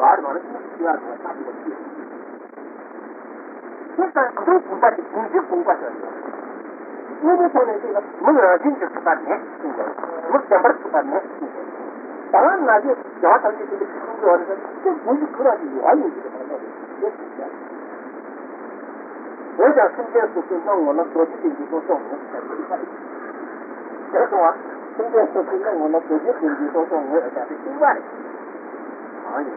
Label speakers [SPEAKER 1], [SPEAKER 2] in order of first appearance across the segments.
[SPEAKER 1] māru manuk contrā- perderu. vincha nā bhu 鉭 bhuwa ti kuiṣik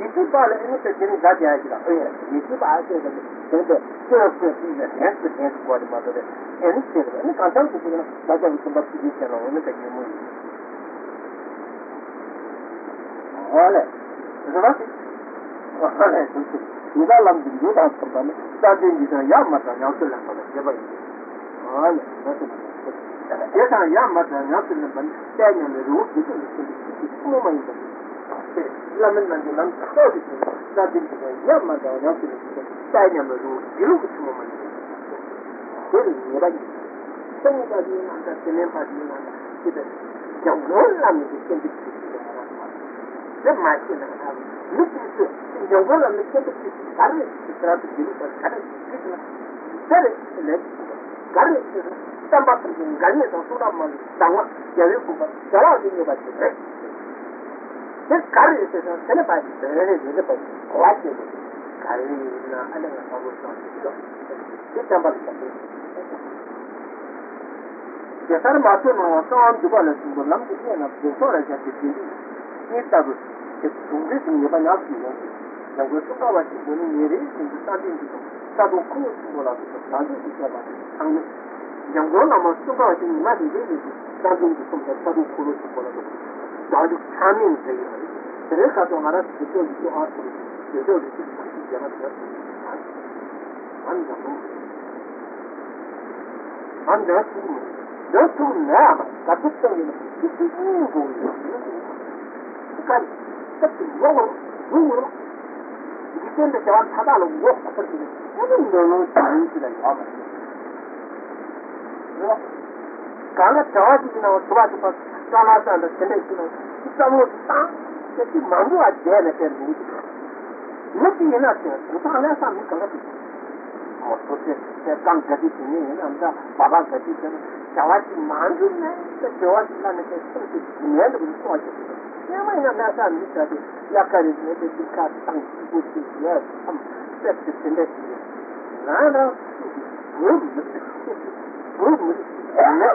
[SPEAKER 1] ये तो बालक इन से केनदा दे आ गया ये तो बालक से तो तो 就是的呢 the gentle body mother instead in this example that I'm supposed to teach her lāmen nāngi nāṁ tōdi tō, nā dīm tō, yā mā dāwa nyāṁ tīrī tō, tāi nyāṁ rū, dīrū kī tīmō mā nyāṁ tīrī tō, dīrī nirā tēngi tā dīrī nāṁ yā ngō lāmi tī kēntī tī tī tā mā tā, dē mā yā lāmi car yesa tsel pa ji de de pa kar yesa ala ma pa so ji do tamba dādi chāmi nī dhāyā rī tere khatō ngā rā tētō yī tō ār tō tētō yī tō tātī yā rā tētō yī tō ār tō āmi dhā tō āmi dhā tō dhā tō nā mā dhā tō tō yī tō yī tō yī tō yī tō yī tō yī kāla chāvāti ki nāma chūvāti pa chāvāta nā chāne ki nāma ki tāma ki tāṁ ya ki māmu ā jaya nā kāya nūti kāya nā ki yinā kāya nūtā nā yā sāmi kāla ki mō sō te te kāṁ gati ki nē yinā nā bābā gati ki nā chāvāti māngu nā ya chāvāti nā nā kāya sāmi ki nē nā kāya sāmi ki nā yā mā yinā nā sāmi kāya ya kāri nā te ki kāti tāṁ ki kūti ki te te chāne ki nā nā nā nā nā nā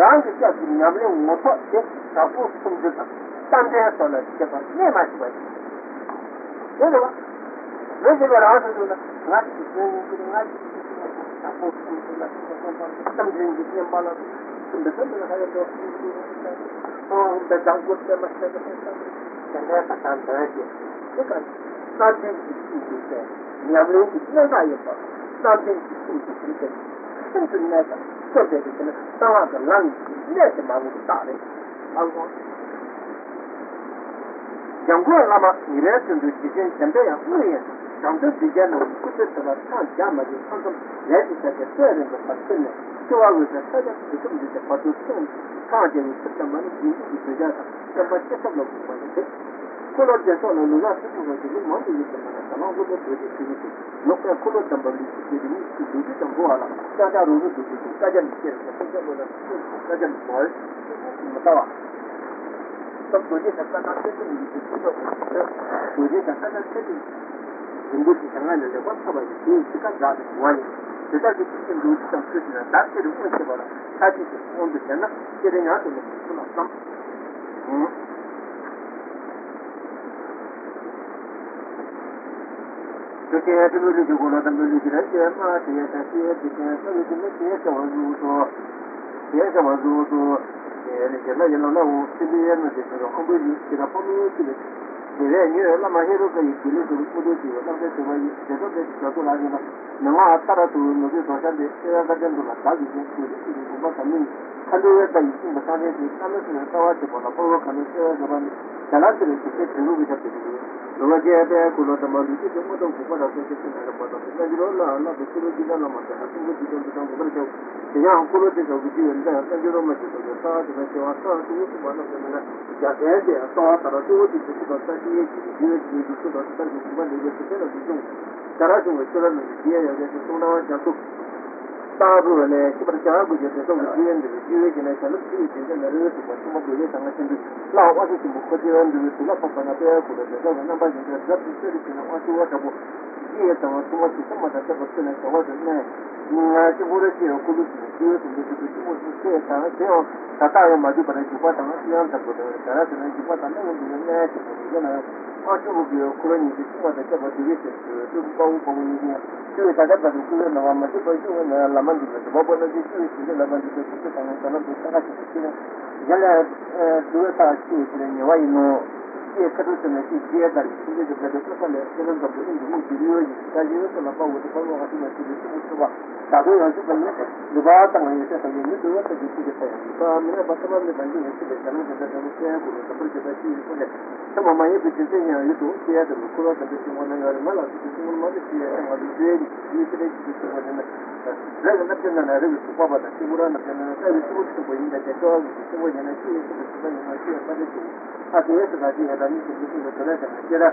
[SPEAKER 1] rāṅgī kya tu ñamli ngopo te kāpū sūṅ tu tāṅ tāṅ tāṅ tāṅ tāṅ tāṅ tāṅ tāṅ so that is in a tower of lungs next to my little barn how go young woman your sense of digestion change and you eat something vegan or cook it on a plant in the city of satan and you're supposed to be comfortable kolor jato na luna tipo na tipo mo ni ni ta na go de ti ni no ka kolor tamba ni ti ni ni ti ni ta go ala ta ta ro ni ti ti ta jan ti ta ta lo na ta jan ko ai ma ta wa ta go ji ta ta na ti ti ni ti ti ta le ba ta ba ni ti ti ka ga ni wa ni on de ti na ti ri na ti que tiene todos los grupos también de reactivos y así que así es que tiene todo eso que es como duro eso el tema de no no subir y eso que es como que es una posible de nāngā ātāra tu nukī sōshāndi āyā dāgyān tu lā dāgī jīn kūrī kīrī kūpa kāni kāni wē tā yīsīn bā kāni kī kāni sī nā tāwā tī pōlā pōlō kāni sī āyā dāgāni kāna tī rī kī kī rūgī tā pīrī kī nukā jī ātā yā kūrā tā mā rī kī tēmā tā kūpa я тут на этот साहब вы знаете, про себя говорю, что это всё генетика, люк, генетика, раз это всё, мы более согласен. Ладно, вот эти вот, которые он говорит, то лапомпанате, вот этот дом, он вам обязательно придётся, если не получится, а вот и этого сможет, потому что это совершенно это важно для нас. И мы вроде его куда-то двигать, может, всё, конечно, chüi ta gab da khülen na ma ma chöi na la man di pa bo na ji chüi na man di chöi ta nga ta la bu ta ra chi chüi ya la du ये कदम से मैं की किया कर सीधे जो कदम से पहले चलन का बोलूं जो मुझे दियो ये का जीवन से लगा हुआ तो कल वो हाथी में सीधे सुबह सुबह साधु यहाँ से बनने के दुबारा तंग नहीं नहीं दुबारा से जीती के सही तो मेरा बसवा में बंदी है कि बेचारे के साथ हम क्या बोले सब लोग जैसे ही इसको ले तो ये कुछ ये तो किया तो लोग कुला कदम से मने गए मला कुछ है जो ये ये से लेके जीते ना क्या ना ना क्या ना रे सुपा सुपा इन्द्र ना ना क्या ना क्या ना क्या ना क्या ना ना क्या ना ثمانين في الجزء الثلاثة كده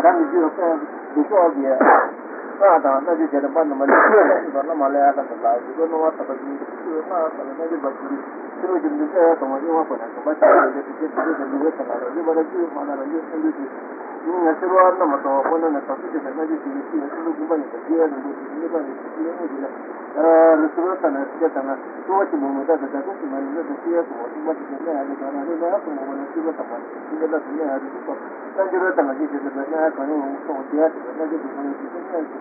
[SPEAKER 1] Haramu juu ya ātā, nā jī jēdā pāndā mā jīgā, nā mā lē ātā kā lā, jīgā nā wā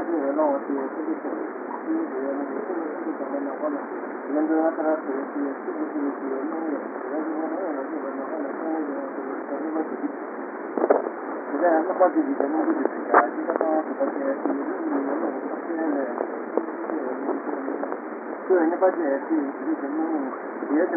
[SPEAKER 1] это новое число. И это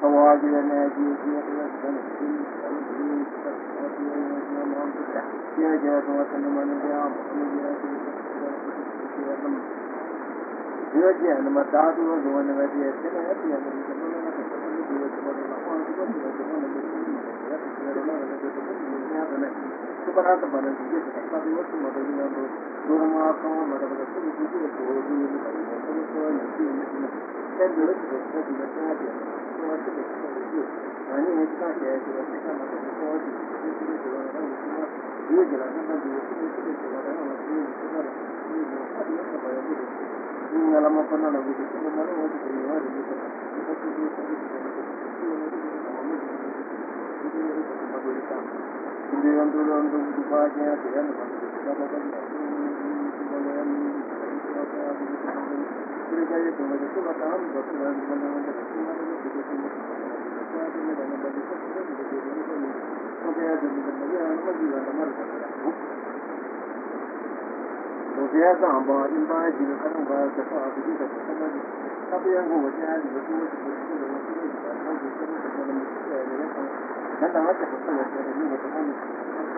[SPEAKER 1] Kawagoyan Edgy, जय जय भगवतन मन योग्य अनुमतादु भगवन वैद्य चलति सुपनाथ बन दूरमात्मा मदद dan dulu itu di Nadia cuma itu dia nanti nanti saya kira kalau itu itu dia lah nanti itu kan ada nanti itu kan ada itu lah mau 主要上吧，一般就是可能我在上不记得什么的，他不然我现在就是我就是这个我这个，他就是这个什么的，呃，人家讲，人家讲我讲不出来，就是因为什么的。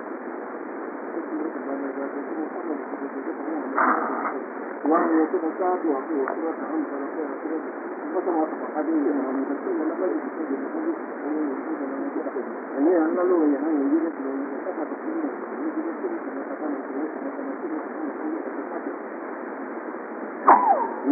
[SPEAKER 1] وأن يكون الشعب وأن يكون الشعب Thank you.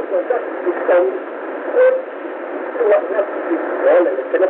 [SPEAKER 2] estão, ou sua, né, olha, ele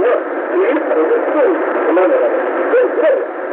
[SPEAKER 2] work. You need to do it. Remember that. Good, good.